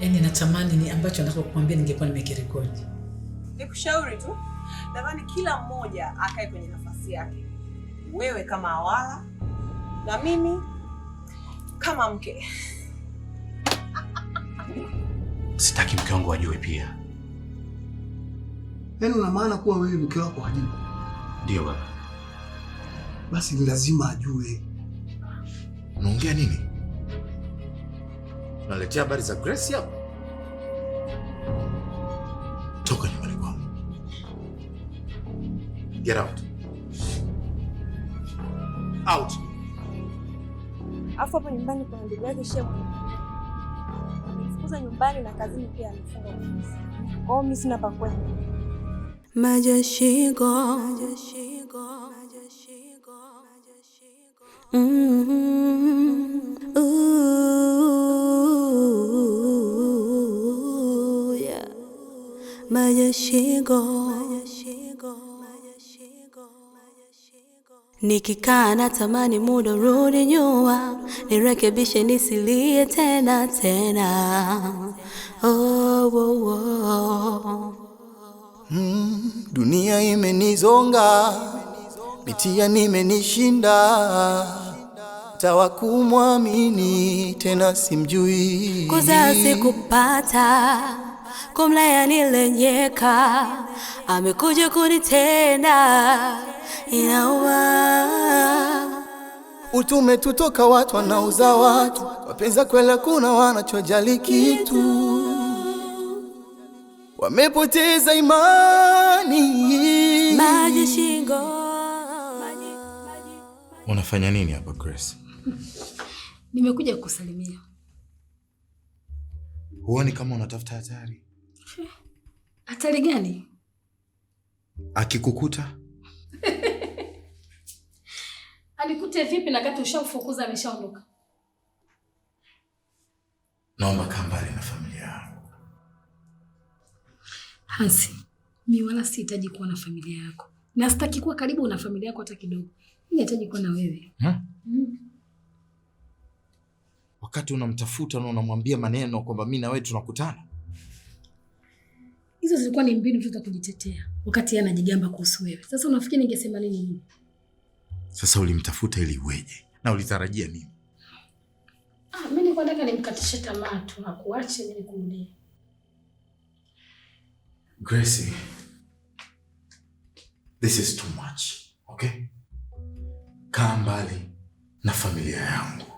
Yaani natamani ni ambacho nataka kukwambia ningekuwa nimekirekodi. Nikushauri tu. Nadhani kila mmoja akae kwenye nafasi yake. Wewe kama awala na mimi kama mke. Sitaki mke wangu ajue pia. Yaani una maana kuwa wewe mke wako hajui? Ndio baba. Basi ni lazima ajue. Unaongea nini? naletea habari za Grace hapo? toka nyumbani kwangu. Get out. Out. Afu hapa nyumbani kuna ndugu yake shemu. Nifukuza nyumbani na kazini pia anafunga ofisi. Kwa hiyo mimi sina pa kwenda. Majashigo. Majashigo. Majashigo. Majashigo. Mhm. shingo, nikikaa na tamani muda rudi nyuma, nirekebishe nisilie tena tena. Oh, oh, oh. Hmm, dunia imenizonga, mitia nimenishinda tawakumwamini tena simjui kuzasikupata kupata kumlea nilenyeka, amekuja kunitenda, inauma. Utume tutoka watu wanauza watu, wapenza kwela, kuna wanachojali kitu, wamepoteza imani. Maji shingo. Unafanya nini hapa Grace? Nimekuja kukusalimia. Huoni kama unatafuta hatari? Hatari gani? Akikukuta anikute vipi? na kati ushamfukuza, ameshaondoka. Naomba kaa mbali na familia yangu hasi Mi wala sihitaji kuwa na familia yako, na sitaki kuwa karibu na familia yako hata kidogo. Mi nahitaji kuwa na wewe hmm? Wakati unamtafuta na unamwambia maneno kwamba mi na wewe tunakutana Hizo zilikuwa ni mbinu tu za kujitetea, wakati yeye anajigamba kuhusu wewe. Sasa unafikiri ningesema nini mimi? Sasa ulimtafuta ili uweje? Na ulitarajia nini? Ah, mimi nilikuwa nataka nimkatishe tamaa tu, hakuache mimi kumlea. Grace, this is too much. Okay? Kaa mbali na familia yangu,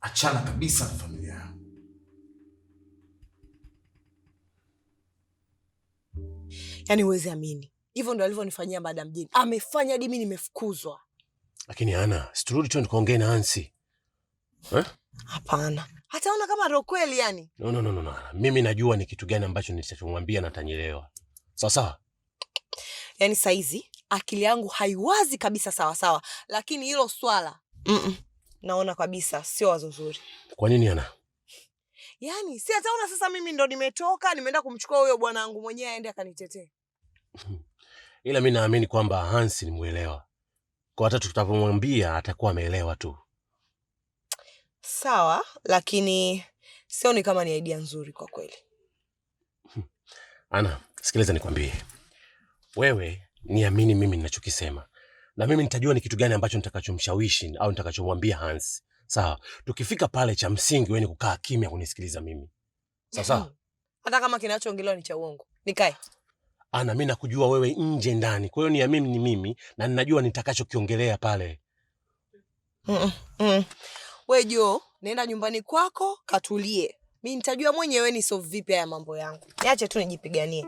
achana kabisa na familia yangu. yani uwezi amini, hivyo ndo alivyonifanyia madam Jeni. Amefanya hadi mimi nimefukuzwa. Lakini ana siturudi tu nikaongee na Ansi. Eh? Hapana, hataona kama ndo kweli yani. No, no, no, no, no. Mimi najua ni kitu gani ambacho nitachomwambia na tanyelewa sawasawa. Yani Yaani saizi akili yangu haiwazi kabisa sawasawa sawa, lakini hilo swala mm -mm. naona kabisa sio wazo zuri. Kwa nini ana yaani si ataona sasa mimi ndo nimetoka nimeenda kumchukua huyo bwanangu mwenyewe aende akanitetee ila mi naamini kwamba Hansi ni mwelewa, kwa hata tutavyomwambia atakuwa ameelewa tu. Sawa, lakini sioni kama ni idea nzuri kwa kweli. Ana, sikiliza nikwambie, wewe niamini mimi ninachokisema, na mimi nitajua ni kitu gani ambacho nitakachomshawishi au nitakachomwambia Hans. Sawa, tukifika pale, cha msingi wewe ni kukaa kimya kunisikiliza mimi, sawa sawa? Hata kama kinachoongelewa ni cha uongo, nikae ana mimi nakujua wewe nje ndani, kwa hiyo ni ya mimi ni mimi na ninajua nitakachokiongelea pale. mm -mm. We Jo, nenda nyumbani kwako katulie, mi nitajua mwenyewe ni solve vipi haya mambo yangu, niache tu nijipiganie.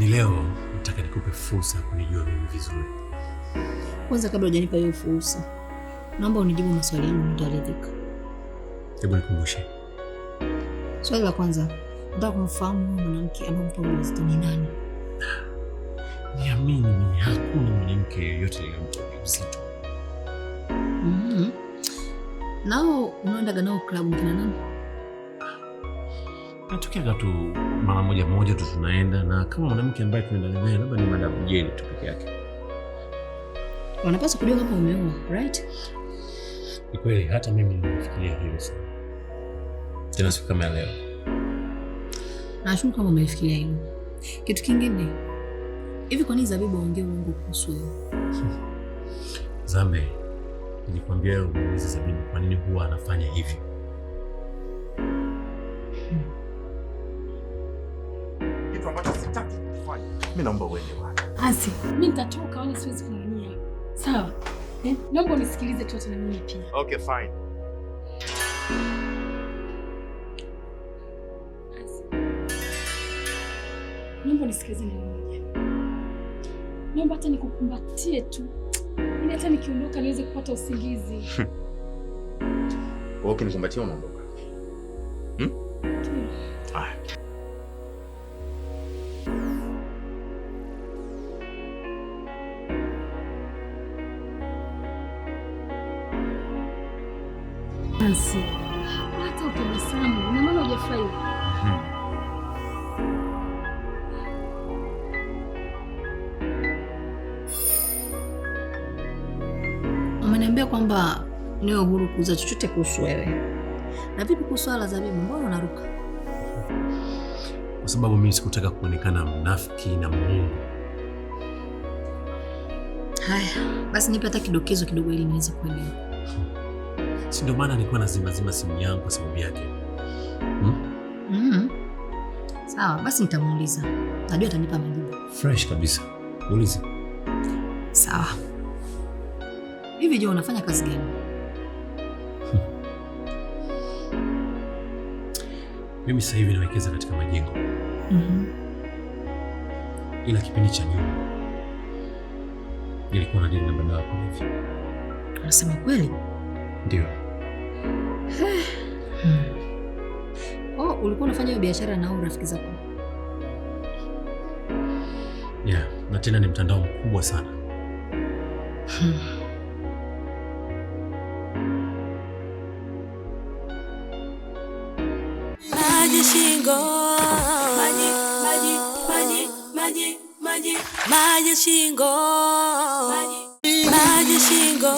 Yaani leo nataka nikupe fursa ya kunijua mimi vizuri. Kwanza kabla hujanipa hiyo fursa, naomba unijibu maswali yangu nitaridhika. Hebu nikumbushe. Swali la kwanza, nataka kumfahamu huyu mwanamke anampa ujauzito ni nani? Niamini mimi hakuna mwanamke yeyote anampa ujauzito. Mhm. Nao unaendaga nao klabu kina nani? Natokea tu mara moja moja tu tunaenda, na kama mwanamke ambaye tunaenda naye labda ni Madam Jane tu peke yake. Wanapaswa kujua kama umeoa, right? Ni kweli, hata mimi nimefikiria hivyo sana. Tena siku kama leo. Nashukuru kama umefikiria hilo. Kitu kingine hivi, kwa nini Zabibu aongee uongo kuhusu wewe? Zambe, nilikwambia wewe, Zabibu kwa nini huwa anafanya hivyo. Mimi naomba uende bwana. Asi, mimi nitatoka wala siwezi kungania. Sawa? Eh? Naomba unisikilize tu na mimi pia. Okay, fine. Naomba unisikilize na mimi. Naomba hata nikukumbatie tu. Ili hata nikiondoka niweze kupata usingizi. Wewe ukinikumbatia unaondoka. Hmm? kuzungumza chochote kuhusu wewe. Na vipi kuhusu swala za mimi, mbona unaruka? Kwa sababu mimi sikutaka kuonekana mnafiki na Mungu. Haya, basi nipe hata kidokezo kidogo ili niweze kuelewa. Si ndio maana nilikuwa nazimazima simu yangu kwa sababu yake. Hmm? Mm -hmm. Sawa, basi nitamuuliza. Najua atanipa majibu. Fresh kabisa. Muulize. Sawa. Hivi je, unafanya kazi gani? Mimi sasa hivi nawekeza katika majengo mm -hmm. Ila kipindi cha nyuma nilikuwa na dili na baba yako hivi. Unasema kweli? Ndio. hmm. Oh, ulikuwa unafanya hiyo biashara na rafiki zako? Yeah, na tena ni mtandao mkubwa sana hmm. hadi shingo, maji maji maji maji maji maji shingo, maji maji shingo,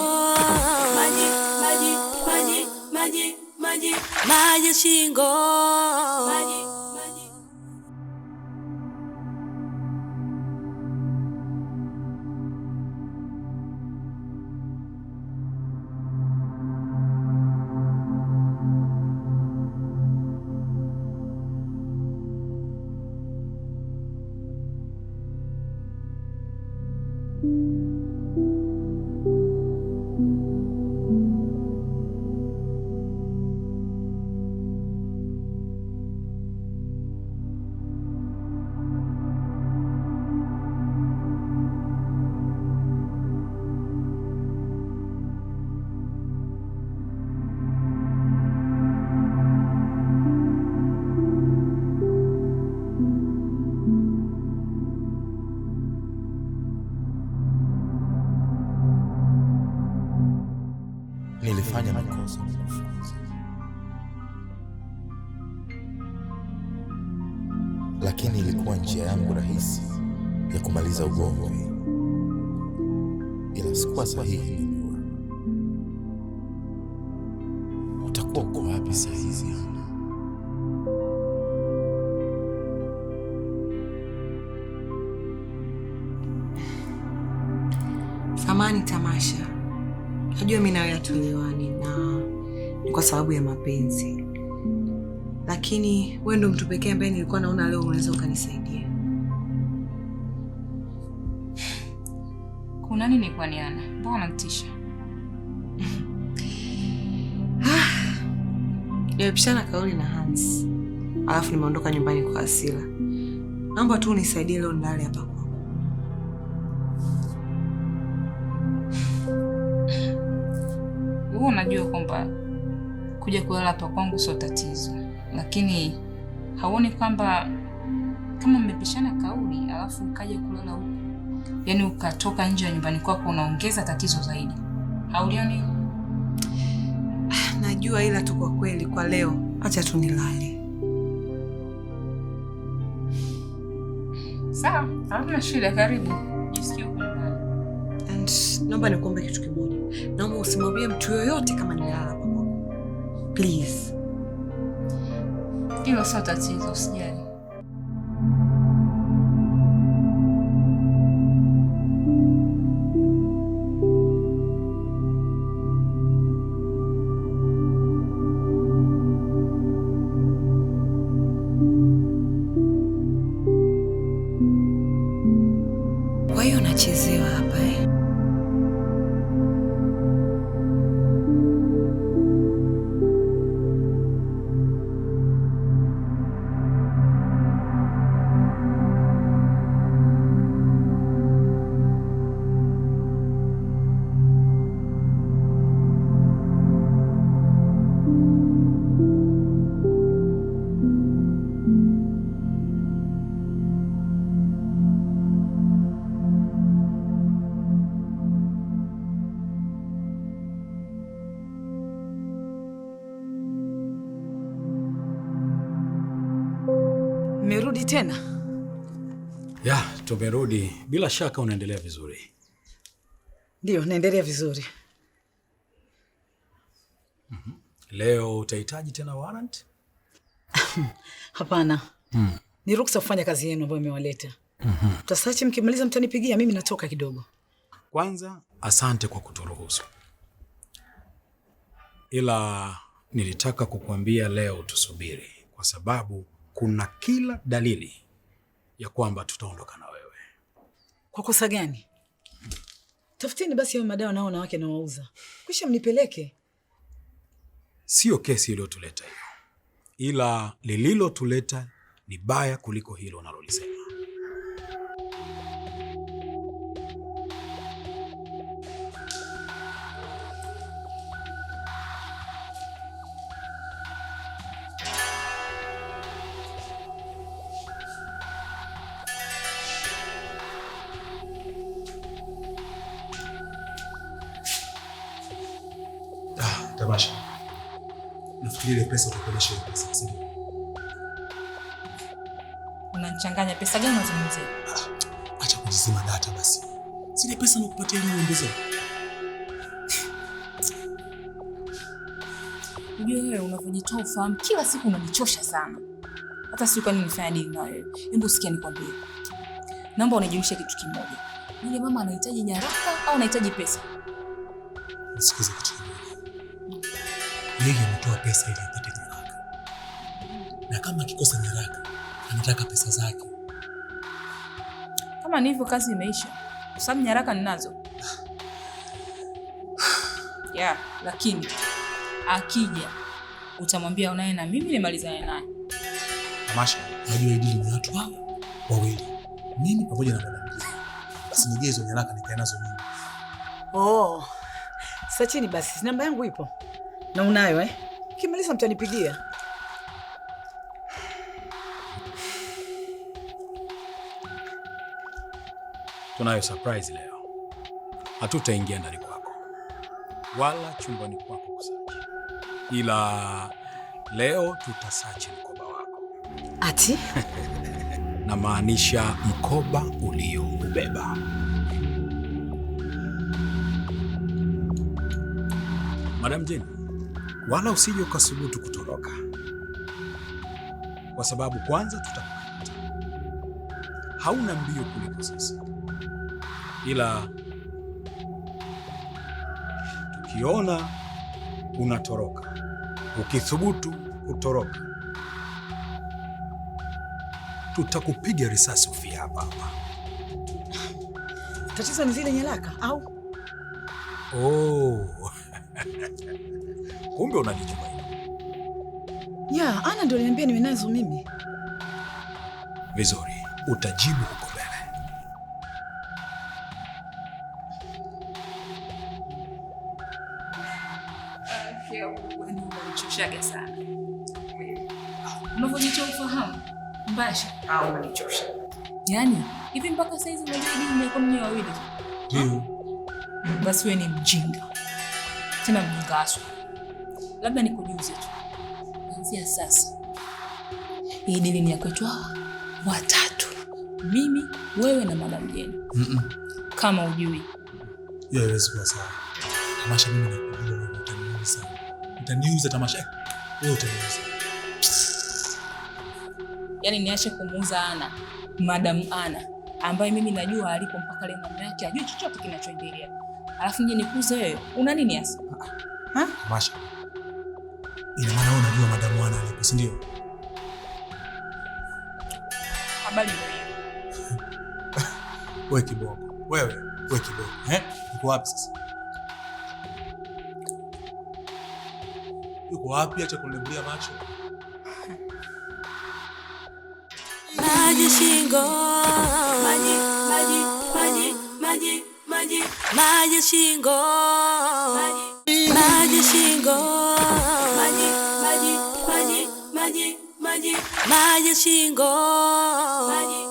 maji maji maji maji maji maji shingo, maji sahihi najua. Utakuwa uko wapi saa hizi? Ana samani Tamasha, najua mi nawe hatuelewani na ni kwa sababu ya mapenzi, lakini wewe ndo mtu pekee ambaye nilikuwa naona leo unaweza ukanisaidia. Kuna nini kwa niana Mbona unanitisha? Ah, nimepishana kauli na Hans, alafu nimeondoka nyumbani kwa asila Naomba tu unisaidie leo ndale hapa kwako. Wewe unajua kwamba kuja kulala hapa kwangu sio tatizo, lakini hauoni kwamba kama mmepishana kauli alafu ukaja kulala huko yani ukatoka nje ya nyumbani kwako unaongeza tatizo zaidi. Haulioni? Ah, najua ila tu kwa kweli kwa leo acha tu nilale. Sawa, hamna shida, karibu. And naomba nikuombe kitu kimoja. Naomba usimwambie mtu yoyote kama nilala Please. Hilo sio tatizo, usijali. Mmerudi tena? Ya, tumerudi. Bila shaka unaendelea vizuri. Ndiyo, naendelea vizuri. mm -hmm. Leo utahitaji tena warrant? Hapana. mm. Ni ruksa kufanya kazi yenu ambayo imewaleta. mm -hmm. Tasachi, mkimaliza mtanipigia, mimi natoka kidogo. Kwanza asante kwa kuturuhusu, ila nilitaka kukuambia leo tusubiri, kwa sababu kuna kila dalili ya kwamba tutaondoka na wewe. Kwa kosa gani? Tafutini basi hayo madawa nao wanawake na wauza, kisha mnipeleke. Siyo kesi iliyotuleta hiyo, ila lililotuleta ni baya kuliko hilo unalolisema. pesa kukonesha hiyo pesa, si ndio? Unanichanganya. Pesa gani unazungumzia? Ah, acha kujizima data basi. Zile pesa nakupatia ni uongeze. Unajua wewe unavyojitoa ufahamu, kila siku unanichosha sana. Hata siku kwani nifanya dili na wewe. Hebu sikia nikwambie. Naomba unijulishe kitu kimoja. Yule mama anahitaji nyaraka au anahitaji pesa? Nisikize kitu kimoja. Yeye ametoa pesa ili na kama akikosa nyaraka anataka pesa zake. Kama ni hivyo, kazi imeisha, kwa sababu nyaraka ninazo. Yeah, lakini akija utamwambia unaye na mimi nimalizane naye. Tamasha, unajua idili ni watu hao wawili, mimi pamoja na mwanamke. Basi nije hizo nyaraka nikae nazo mimi. Oh, sachini basi, namba yangu ipo na unayo eh? Ukimaliza mtanipigia. Tunayo surprise leo. Hatutaingia ndani kwako wala chumbani kwako kusachi, ila leo tutasachi mkoba wako. Ati namaanisha mkoba ulioubeba. Madam Jane, wala usije ukasubutu kutoroka, kwa sababu kwanza tutakukamata. Hauna mbio kuliko sisi ila tukiona unatoroka, ukithubutu kutoroka, tutakupiga risasi ufia hapa hapa. Tatizo ni zile nyaraka au? Oh. Kumbe unanijua hiyo. Ya, Ana ndio aliniambia niwe nazo mimi. Vizuri, utajibu au unanichosha. Yaani hivi mpaka saa hizi mwenyewe wawili. Ndio. Basi wewe ni mjinga tena mjinga aswa. Labda nikujuze tu, kuanzia sasa hii dili ni ya kwetu watatu, mimi wewe na mama mgeni. mm -mm. Kama ujui haiwezi kuwa sawa. Tamasha mimi nakujua, utaniuza tamasha, wewe utaniuza yani niache kumuuza Ana, Madam Ana ambaye mimi najua alipo mpaka leo mume wake ajue chochote kinachoendelea, alafu nje nikuze wewe? Una nini hasa? Ah, ah, ha? Masha, ina maana unajua Madam Ana alipo, si ndio? Habari wewe kiboko, wewe wewe kiboko, eh, uko wapi sasa? Uko wapi? Acha kunilebulia macho. maji shingo, maji maji maji maji maji maji shingo, maji shingo, maji maji maji maji maji shingo, maji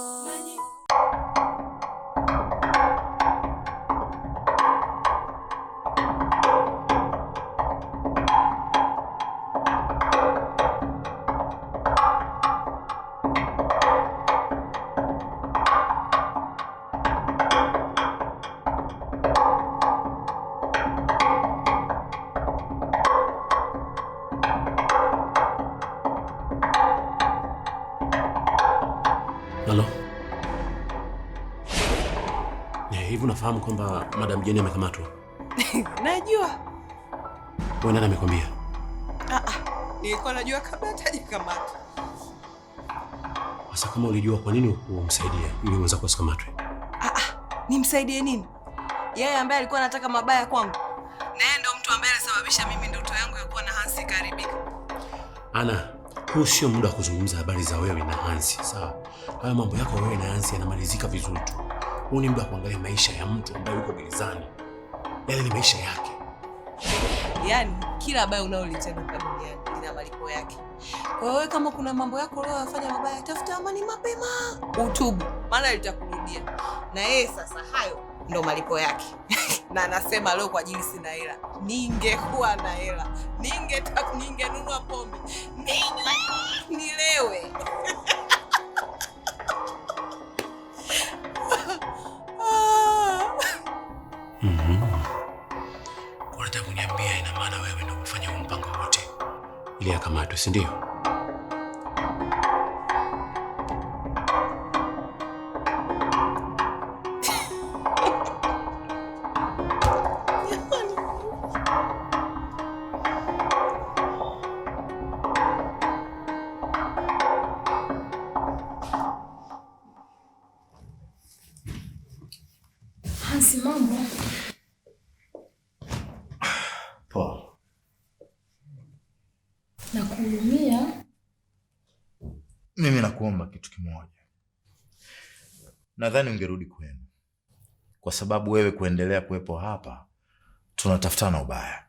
Eh, hivi unafahamu kwamba Madam Jeni amekamatwa? Najua. Wewe nani amekwambia? Ah ah. Nilikuwa najua kabla hatajakamatwa. Sasa kama ulijua kwa nini umsaidia ili uweze kusikamatwe? Ah ah. Nimsaidie nini? Yeye ambaye alikuwa anataka mabaya kwangu. Na yeye ndio mtu ambaye alisababisha mimi ndoto yangu ya kuwa na Hansi karibika. Ana, huu sio muda wa kuzungumza habari za wewe na Hansi, sawa? Haya mambo yako wewe na Hansi yanamalizika vizuri tu. Huu ni muda wa kuangalia maisha ya mtu ambaye yuko gerezani, yale yaani ni maisha yake. Yaani kila baya unalolitenda duniani lina malipo yake. Kwa hiyo kama kuna mambo yako ulioyafanya mabaya, tafuta amani mapema, utubu, maana litakurudia. Na yeye sasa, hayo ndo malipo yake. na nasema leo, kwa ajili sina hela. Ningekuwa na hela ningenunua ninge pombe ninywe nilewe. ili akamatwe, si ndio? Hansi, mambo Mimi nakuomba kitu kimoja, nadhani ungerudi kwenu, kwa sababu wewe kuendelea kuwepo hapa tunatafutana ubaya.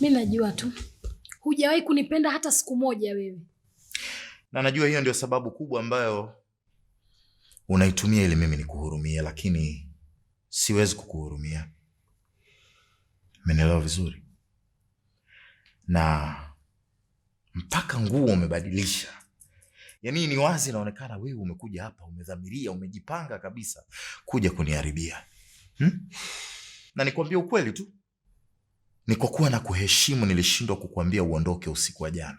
Mi najua tu hujawahi kunipenda hata siku moja wewe, na najua hiyo ndio sababu kubwa ambayo unaitumia ili mimi nikuhurumie, lakini siwezi kukuhurumia. Menelewa vizuri? Na mpaka nguo umebadilisha yani ni wazi inaonekana wewe umekuja hapa umedhamiria, umejipanga kabisa kuja kuniharibia hmm? Na nikwambia ukweli tu, ni kwa kuwa na kuheshimu nilishindwa kukuambia uondoke usiku wa jana.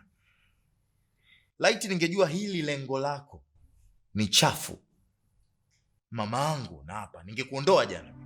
Laiti ningejua hili lengo lako ni chafu, angu na hapa ningekuondoa jana.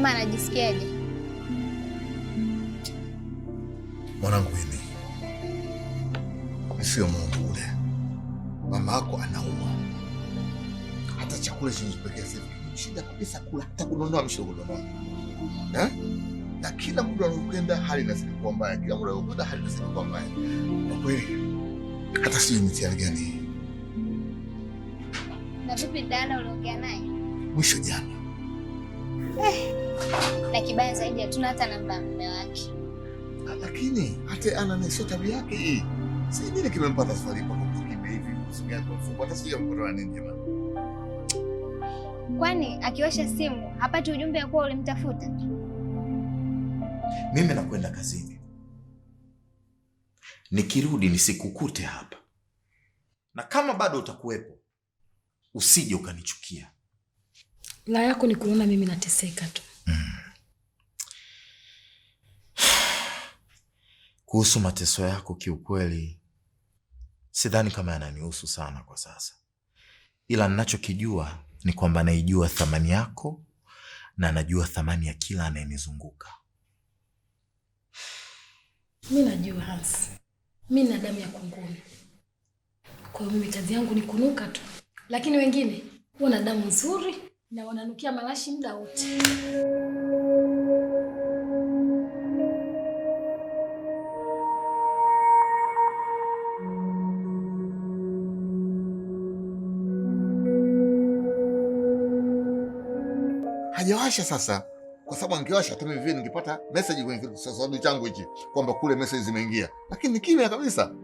mama anajisikiaje? Mwanangu Winnie, sio Mungu ule, mama yako anauma, hata chakula chenye shida kabisa kula, hata kunonoa mshogodonoa eh? na kila muda anakwenda hali inazidi kuwa mbaya, kila muda anakwenda hali inazidi kuwa mbaya. Kwa kweli hata sijui mitihani gani. Na vipi dada uliongea naye mwisho jana? Eh, na kibaya zaidi hatuna hata namba ya mume wake. Ah, lakini hata ana sio tabia yake hii. Si nini kimempata safari kwa kukimbia hivi usikia mfuko hata sio wa nini jamani? Kwani akiwasha simu hapati ujumbe wa kuwa ulimtafuta? Mimi nakwenda kazini, nikirudi nisikukute hapa, na kama bado utakuwepo usije ukanichukia. La yako ni kuona mimi nateseka tu. Hmm. Kuhusu mateso yako, kiukweli sidhani kama yananihusu sana kwa sasa, ila ninachokijua ni kwamba naijua thamani yako na najua thamani ya kila anayenizunguka. Mi najua Hans, mi na damu ya kunguni, kwa hiyo mimi kazi yangu ni kunuka tu, lakini wengine huwa na damu nzuri na wananukia marashi muda wote. Hajawasha sasa, kwa sababu angewasha tu mimi ningepata message kwenye kisasabu changu hichi kwamba kule message zimeingia, lakini ni kimya kabisa.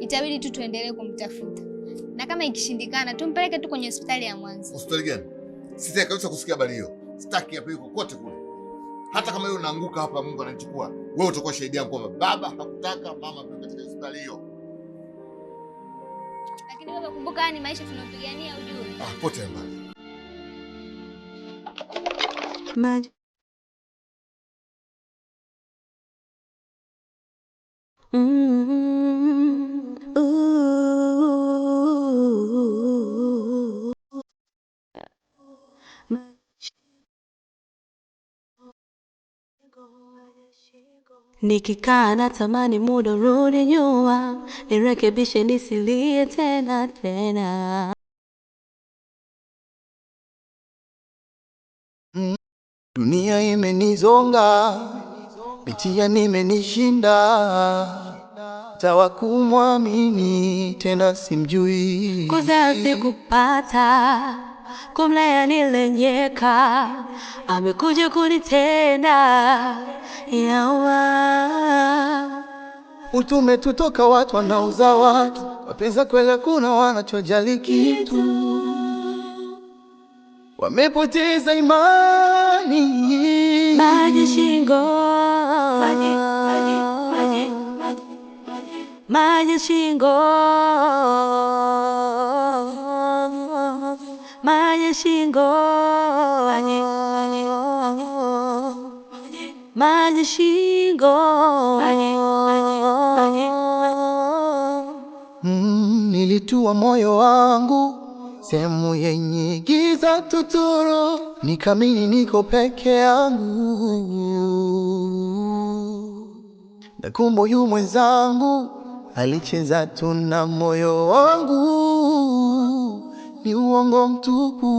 Itabidi tu tuendelee kumtafuta na kama ikishindikana tumpeleke tu kwenye hospitali ya Mwanza. Hospitali gani? Sitaki kabisa kusikia habari hiyo, sitaki yuko kote kule. Hata kama yeye unaanguka hapa, Mungu anachukua wewe, utakuwa shahidi yangu kwamba baba hakutaka mama peke katika hospitali hiyo. Lakini wewe kumbuka, ni maisha tunayopigania, ujue. Ah, pote mbali. Maji. Mm. Nikikaa tamani muda rudi nyuma, nirekebishe nisilie tena tena. Dunia imenizonga, mitihani imenishinda, tawakumwamini tena simjui, kuzazi kupata kwa mlaya nilenyeka, amekuja kunitenda yawa utume tutoka watu wanauza watu wapenza kwela, kuna wanachojali kitu, wamepoteza imani maji shingo, maji, maji, maji, maji, maji shingo shingo maji shingo mm, nilitua moyo wangu sehemu yenye giza tuturo nikamini niko peke yangu, na yu mwenzangu alicheza tuna moyo wangu ni uongo mtupu.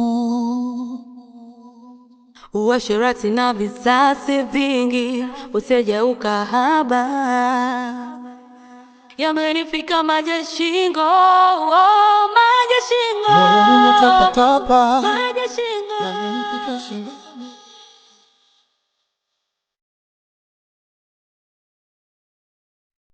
Uasherati na visasi vingi, usije ukahaba, yamenifika maji shingo, oh, maji shingo, maji shingo